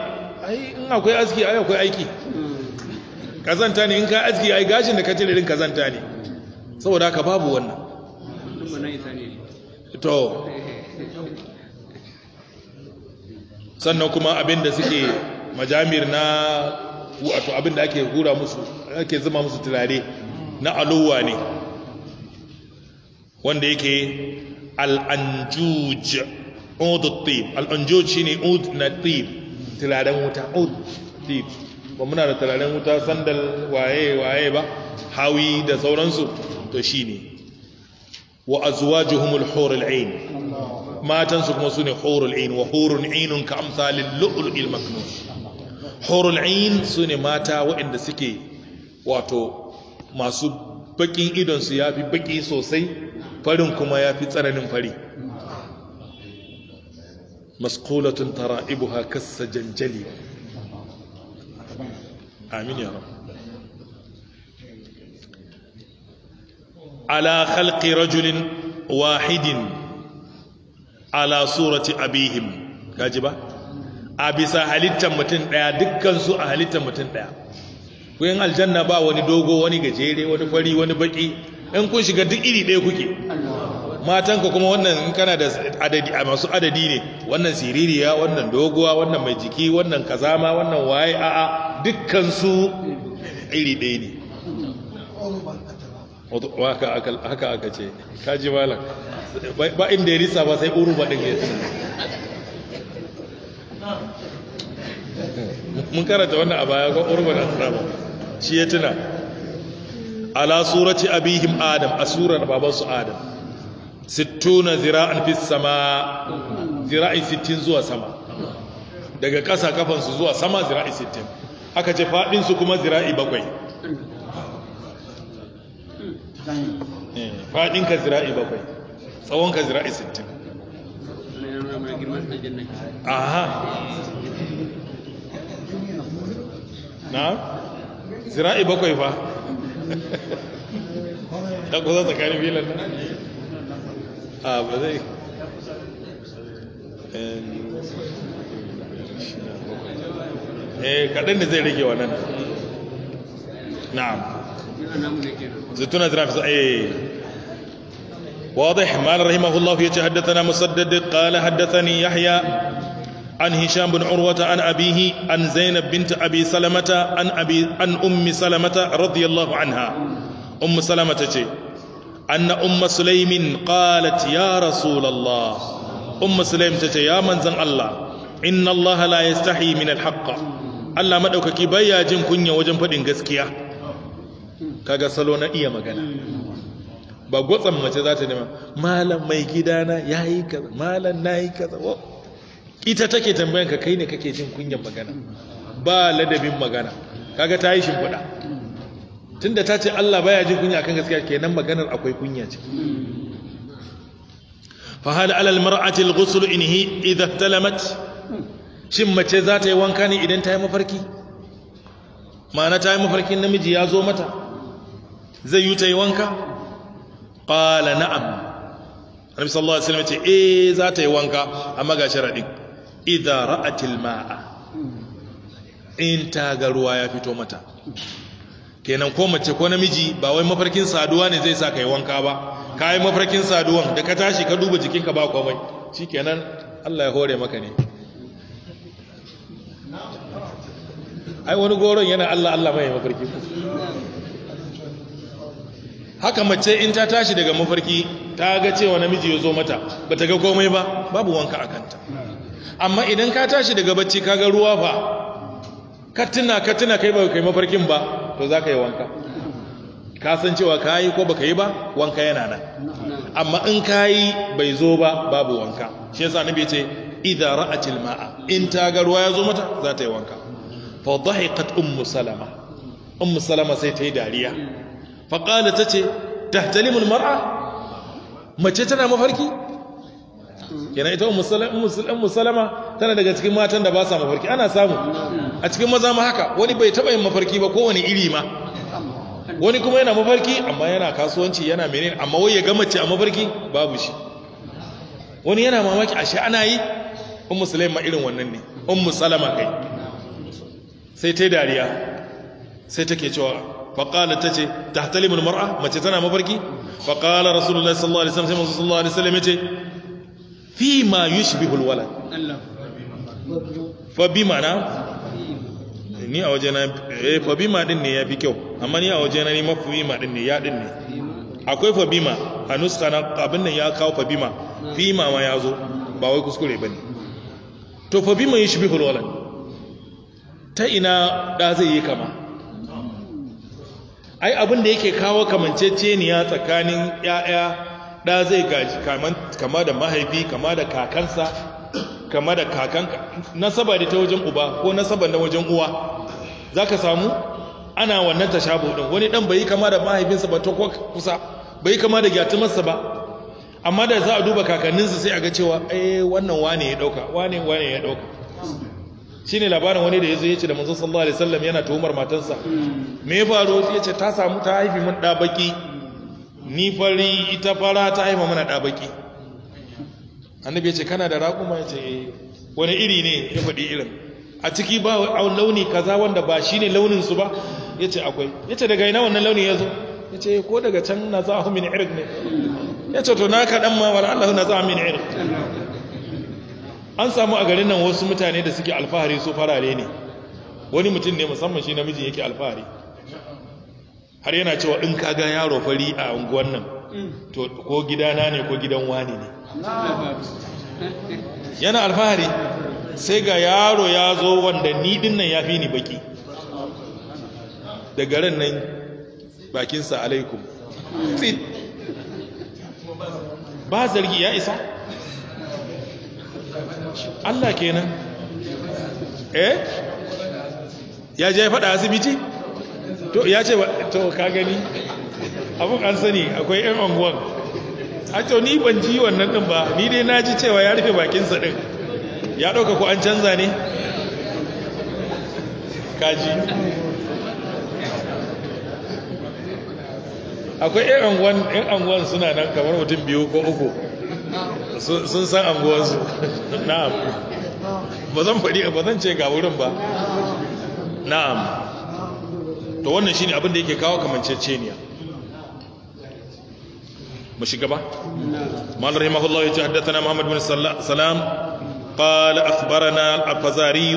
ai in akwai aski ai akwai aiki hmm. kazanta ne in ka aski ai gashin da ka cire kazanta ne saboda ka babu wannan to sannan kuma abin da suke majamir na wato abin da ake hura musu ake zuma musu turare na alowa ne wanda yake al'anjuj udutib al'anjuj shi ne ud na tib turaren wuta ud tib ba muna da turaren wuta sandal waye waye ba hawi da sauransu to ne. wa azwajuhumul hurul ain matan su kuma sune hurul ain wa hurun ainun ka amsalil lu'lu'il maknun hurul ain ne mata waɗanda suke wato masu bakin idon su yafi baki sosai farin kuma yafi tsananin fari masqulatun tara'ibuha janjali amin ya rabu ala khalqi rajulin wahidin ala surati abihim kaji ba a bisa halittar mutum daya dukkansu a halittar mutum daya ku yin aljanna ba wani dogo wani gajere wani fari wani baki in kun shiga duk iri ɗaya kuke matanka kuma wannan in kana da adadi a masu adadi ne wannan siririya wannan doguwa wannan mai jiki wannan kazama wannan waye a'a dukkan su iri ɗaya ne haka aka ce kaji malam ba inda ya risa ba sai uruba ɗin ya mun karanta wannan a baya ga uruba da asirama shi ya tuna ala surati abihim adam a surar babansu adam sittuna zira'an fi sama zira'i 60 zuwa sama daga ƙasa kafansu zuwa sama zira'i 60 aka ce faɗinsu kuma zira'i bakwai eh, faɗinka zira'i bakwai tsawonka zira'i 60 aha na zira'i bakwai fa ta <laughs> kusa tsakanin filan nan Uh, ah, but they, eh zai wannan na'am zaituna eh واضح مال رحمه الله في حدثنا مسدد قال حدثني يحيى عن هشام بن عروة عن أبيه عن زينب بنت أبي سلمة عن أبي عن أم سلمة رضي الله عنها أم سلمة أن أم سليم قالت يا رسول الله أم سليم تتي يا من زن الله إن الله لا يستحي من الحق الله ما دوكا كي بايا جن كنيا وجن فدين iya magana ba gwatsan mace za ta nema malam mai gidana yi kaza malam yi kaza ita take tambayan kai ne kake jin kunyan magana ba ladabin magana kaga ta yi shimfiɗa tunda ta ce Allah baya jin kunya kan gaskiya ke nan maganar akwai kunya ciki fa alal mar'atil ghusl inhi idha talamat shin mace za ta yi wanka ne idan ta yi mafarki ma'ana ta yi mafarkin namiji ya zo mata zai yi ta yi wanka qala na'am annabi sallallahu alaihi wasallam ce eh za ta yi wanka amma ga sharadin idha ra'atil ma'a in ta ga ruwa ya fito mata kenan ko mace ko namiji ba wai mafarkin saduwa ne zai sa kai wanka ba kai mafarkin saduwan da ka tashi ka duba jikinka ba komai shikenan Allah ya hore maka ne ai wani goron yana Allah Allah mai mafarki haka mace in ta tashi daga mafarki ta ga cewa namiji ya zo mata ba ta ga komai ba babu wanka a kanta amma idan ka tashi daga bacci ka ga ruwa fa ka tuna ka tuna kai ba kai mafarkin ba to za ka yi wanka ka san cewa ka yi ko baka yi ba wanka yana nan amma in ka yi bai zo ba babu wanka shi yasa nabi ce idza ra'atil ma'a in ta ga ruwa ya zo mata za ta yi wanka fa dhahiqat ummu salama ummu salama sai ta yi dariya fa qalat tace tahtalimul mar'a mace tana mafarki kenan ita ummu salama tana daga cikin matan da ba sa mafarki ana samu a cikin maza ma haka wani bai taba yin mafarki ba kowane iri ma wani kuma yana mafarki amma yana kasuwanci yana menene amma wai ya ga mace a mafarki babu shi wani yana mamaki ashe ana yi ummu sulaima irin wannan ne ummu salama kai sai ta dariya sai take cewa faƙala ta ce ta hatalimul mar'a mace tana mafarki faƙala rasulullah sallallahu alaihi wasallam sallallahu alaihi wasallam ya ce fi ma yushbihul walad fa bima na ni a wajena, eh fa bima din ne fi kyau amma ni a wajena na ni mafi bima din ne ya din ne akwai fa bima a nuska na abin nan ya kawo fa bima fi ma ma ya zo ba wai kuskure ba ne. to fa bima yushbihul walad ta ina da zai yi kama ai abin da yake kawo kamanceceniya tsakanin 'ya'ya ɗa zai gaji kama da mahaifi kama da kakansa kama da kakanka nasaba da ta wajen uba ko nasaba da wajen uwa za ka samu ana wannan tashabu ɗin wani ɗan bai kama da mahaifinsa ba ta kusa bai kama da gyatumarsa ba amma da za a duba kakanninsa sai a ga cewa eh wannan wane ya ɗauka wane wane ya ɗauka shi ne labarin wani da ya zo ya ce da manzon sallallahu alaihi wasallam yana tuhumar matansa me ya faru ya ce ta samu ta haifi mun ɗa baki ni fari ita fara ta haifa mana da annabi ya ce kana da raƙuma ya ce eh. wani iri ne ya faɗi irin a ciki ba launi kaza wanda ba shine launin su ba ya ce akwai ya ce daga ina wannan launi ya zo ya ce eh, ko daga can na za a min irin ne ya ce to na kaɗan ma wani allahu na za a min irin. an samu a garin nan wasu mutane da suke alfahari su farare ne wani mutum ne musamman shi namiji yake alfahari har yana cewa in ka ga yaro fari a unguwan nan to ko gidana ne ko gidan wani ne yana alfahari sai ga yaro ya zo wanda ni din nan ya fi ni baki daga ran nan bakinsa alaikum ba zargi ya isa Allah kenan eh ya je faɗa asibiti to ya ce to ka gani abin an sani akwai yan anguwan a to ni ban ji wannan din ba ni dai na ji cewa ya rufe bakinsa din ya ɗauka ko an canza ne kaji akwai yan unguwan yan anguwan suna nan kamar mutum biyu ko uku sun san anguwansu <laughs> na'am ba zan faɗi ba zan ce ga wurin ba na'am to wannan shine abin da yake kawo kamanceceniya mu shiga ba mal rahimahullahu ya haddathana muhammad bin salam qala akhbarana al-fazari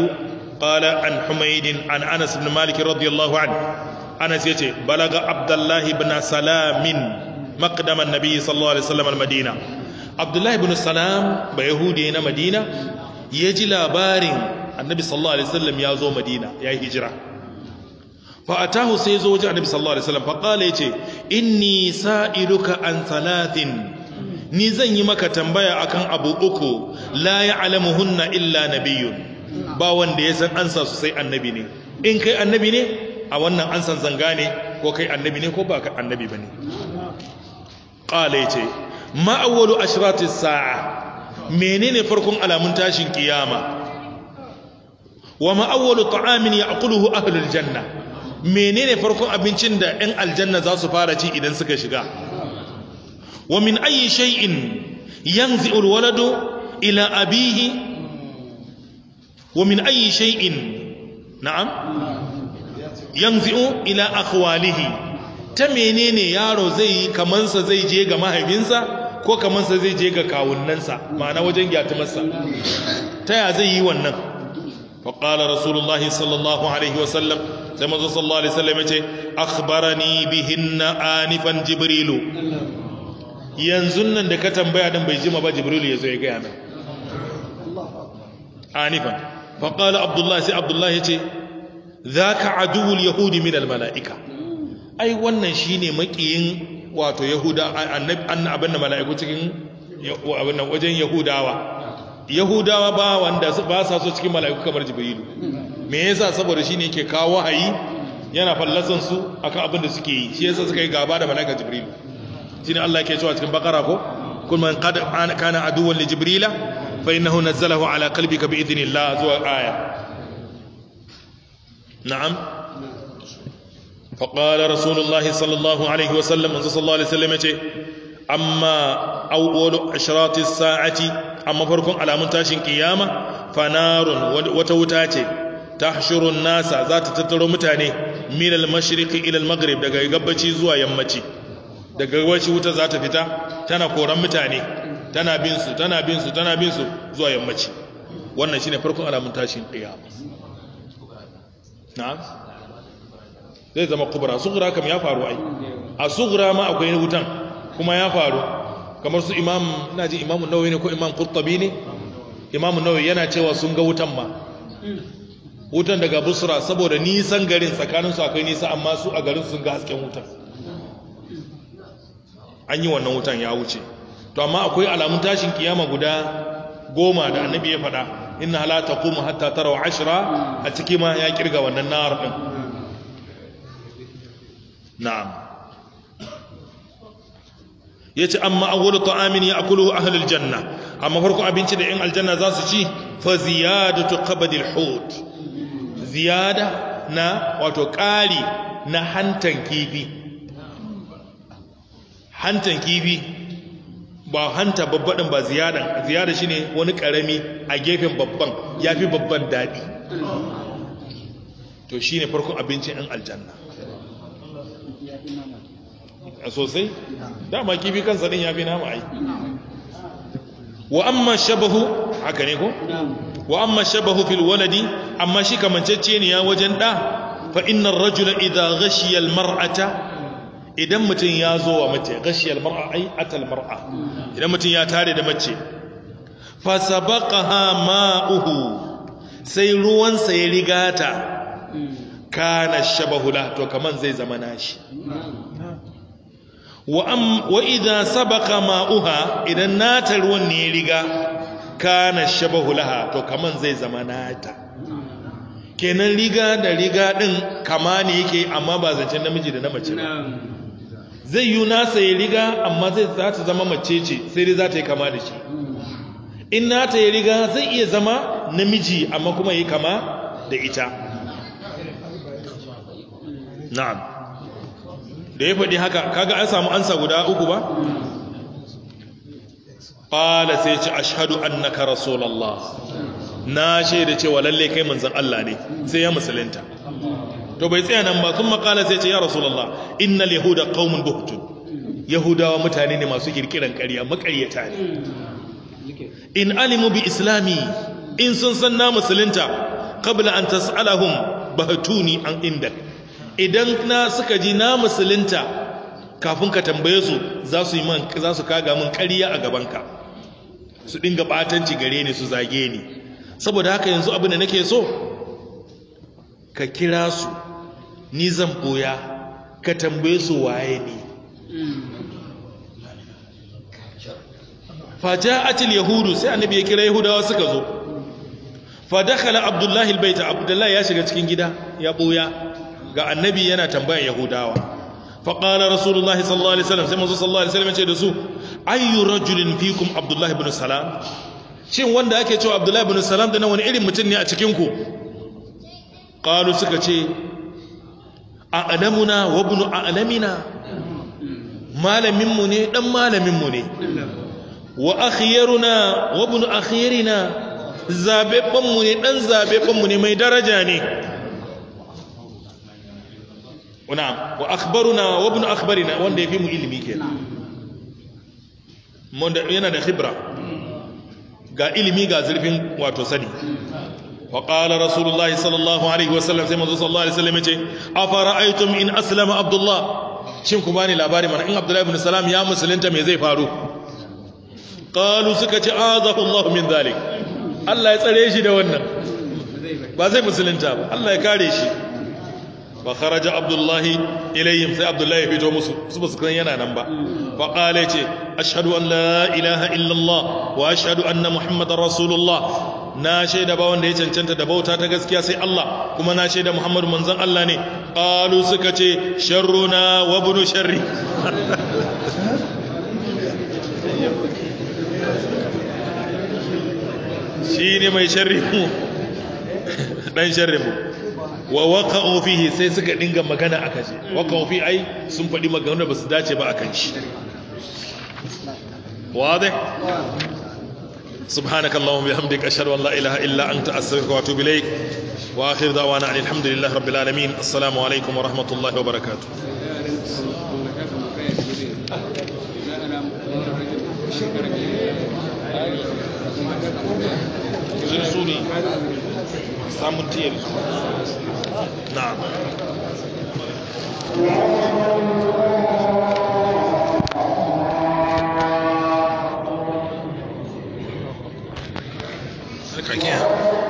qala an humayd an anas bin malik radiyallahu anhu anas yace balaga abdullahi ibn salamin maqdam an-nabi sallallahu alaihi wasallam al-madina abdullahi ibn salam ba yahudi na madina ya ji labarin annabi sallallahu alaihi wasallam ya zo madina ya hijira fa sai zo wajen annabi sallallahu alaihi wasallam fa qala yace inni sa'iluka an thalathin ni zan yi maka tambaya akan abu uku la ya'lamuhunna illa nabiyyun ba wanda ya san ansa su sai annabi ne in kai annabi ne a wannan ansan zanga ne ko kai annabi ne ko ba kai annabi bane qala yace ma awwalu ashratis sa'a mene ne farkon alamun tashin kiyama wa ma awwalu ta'amin ya'kuluhu ahlul janna menene farkon abincin da 'yan aljanna za su fara ci idan suka shiga wa min ayi shay'in yanzi'ul waladu ila abihi wa min ayi shay'in na'am yanzi'u ila akhwalihi ta menene yaro zai yi kamansa zai je ga mahaifinsa ko kamansa zai je ga kawunnansa ma'ana wajen gyatumarsa ta ya zai yi wannan فقال رسول الله صلى الله عليه وسلم كما صلى الله عليه وسلم أخبرني بهن آنفا جبريل ينزلن دكتن بيانا بيجيما با جبريل يزوي قيانا آنفا فقال عبد الله سي عبد الله يتي ذاك عدو اليهود من الملائكة أي وانا شيني مكيين واتو يهودا أن أبن ملائكة وجن يهوداوا yahudawa ba wanda ba sa so cikin mala'iku kamar jibrilu me yasa saboda shine yake kawo wahayi yana fallasan su akan abin da suke yi shi yasa suka yi gaba da mala'ika jibrilu shine Allah yake cewa cikin bakara ko kun man qad kana aduwwan li jibrila fa innahu nazzalahu ala qalbika bi idhnillah zuwa aya na'am فقال رسول الله صلى الله عليه وسلم من صلى الله عليه وسلم amma awwalu ashrati sa'ati amma farkon alamun tashin kiyama fanarun wata wuta ce tahshurun nasa za ta tattaro mutane min al-mashriqi ila al-maghrib daga gabbaci zuwa yammaci daga gabbaci wuta za ta fita tana koran mutane tana bin su tana bin su tana bin su zuwa yammaci wannan shine farkon alamun tashin kiyama na'am zai zama kubra sughra kam ya faru ai a sughra ma akwai wutan kuma ya faru kamar su imam ina ji imamu nawawi ne ko imam kurtabi ne imamu nauyi yana cewa sun ga wutan ma wutan daga busra saboda nisan garin tsakanin su akwai nisa amma su a garin sun ga hasken wutan an yi wannan wutan ya wuce to amma akwai alamun tashin kiyama guda goma da annabi ya faɗa inna la taqumu hatta wa ashra a ciki ma ya kirga wannan nar din na'am ya ce amma awwalu ta'amin a ahlul janna amma farko abinci da yan aljanna za su ci fa ziyadatu kabadil hud ziyada na wato ƙari na hantan kifi hantan kifi ba hanta babbaɗin ba ziyadan ziyada shine wani ƙarami a gefen babban ya fi babban daɗi to shine farkon abincin yan aljanna a sosai dama kifi kansa din ya fi nama ai wa amma shabahu haka ne ko wa amma shabahu fil waladi amma shi kamancecce ne ya wajen da fa innar rajula idza ghashiya al mar'ata idan mutun ya zo wa mace ghashiya al mar'a ai atal mar'a idan mutun ya tare da mace fa sabaqaha ma'uhu sai ruwan sa ya rigata kana shabahu la to kaman zai zama nashi wa idza sabaqa ma'uha idan nata ruwan ne ya riga kana shabahu laha to kaman zai zama nata kenan riga da riga din kama ne yake amma ba zancen namiji da na mace ba zai yi na ya riga amma zai za zama mace ce sai dai za ta yi kama da shi in nata ya riga zai iya zama namiji amma kuma yi kama da ita na'am da ya faɗi haka kaga an samu ansa guda uku ba ƙala sai ce ashadu annaka rasulallah na shaida cewa lalle kai manzan Allah ne sai ya musulunta to bai tsaya nan ba sun sai ce ya rasulallah innal yahuda qaumun buhtun yahudawa mutane ne masu kirkiran ƙarya maƙaryata ne in alimu bi islami in sun san na musulunta qabla an tas'alahum bahtuni an indak idan na suka ji na musulunta kafin ka tambaye su za su yi kaga min ƙarya a gabanka su dinga batanci gare ni su zage ni saboda haka yanzu abin da nake so ka kira su ni zan boya ka tambaye su waye ni faja'atil yahudu sai annabi ya kira yahudawa suka zo fa dakhala abdullahi albayta abdullahi ya shiga cikin gida ya boya ga annabi yana tambayan yahudawa faƙalar rasulullahi sallallahu alaihi wasallam sai masu sallallahu alaihi wasallam ya ce da su ayyu rajulin fikum abdullahi ibn salam shin wanda ake cewa abdullahi ibn salam da wani irin mutum ne a cikin ku qalu suka ce a'lamuna wa ibn a'lamina malamin mu ne dan malamin mu ne wa akhyaruna wa ibn akhyarina zabebban mu ne dan zabebban mu ne mai daraja ne na'am wa akhbaruna wa ibn akhbarina wanda yafi mu ilimi kenan mun yana da khibra ga ilimi ga zurfin wato sani wa qala rasulullah sallallahu alaihi wasallam sai manzo sallallahu alaihi wasallam yace afara'aytum in aslama abdullah shin ku bani labari mana in abdullahi ibn salam ya musulunta me zai faru qalu suka ce azahu allah min zalik Allah ya tsare shi da wannan ba zai musulunta ba Allah ya kare shi ba kharaja abdullahi ilayhim sai abdullahi ya fito musu su ba kan yana nan ba fa qala ce ashhadu an la ilaha illallah wa ashhadu anna muhammadar rasulullah na shaida ba wanda ya cancanta da bauta ta gaskiya sai Allah kuma na shaida Muhammadu manzon Allah ne qalu suka ce sharruna wa bunu sharri <laughs> shine mai sharri mu <laughs> dan sharri mu wa waka'u fihi sai suka dinga magana aka ce waka'u fi ai sun fadi maganar ba su dace ba akan shi wazi subhanakallahu wa bihamdika ashhadu an la ilaha illa anta astaghfiruka wa atubu ilayk wa akhir da'wana alhamdulillahi rabbil alamin assalamu alaykum wa wa barakatuh Thank samun tiyar não. Look, I é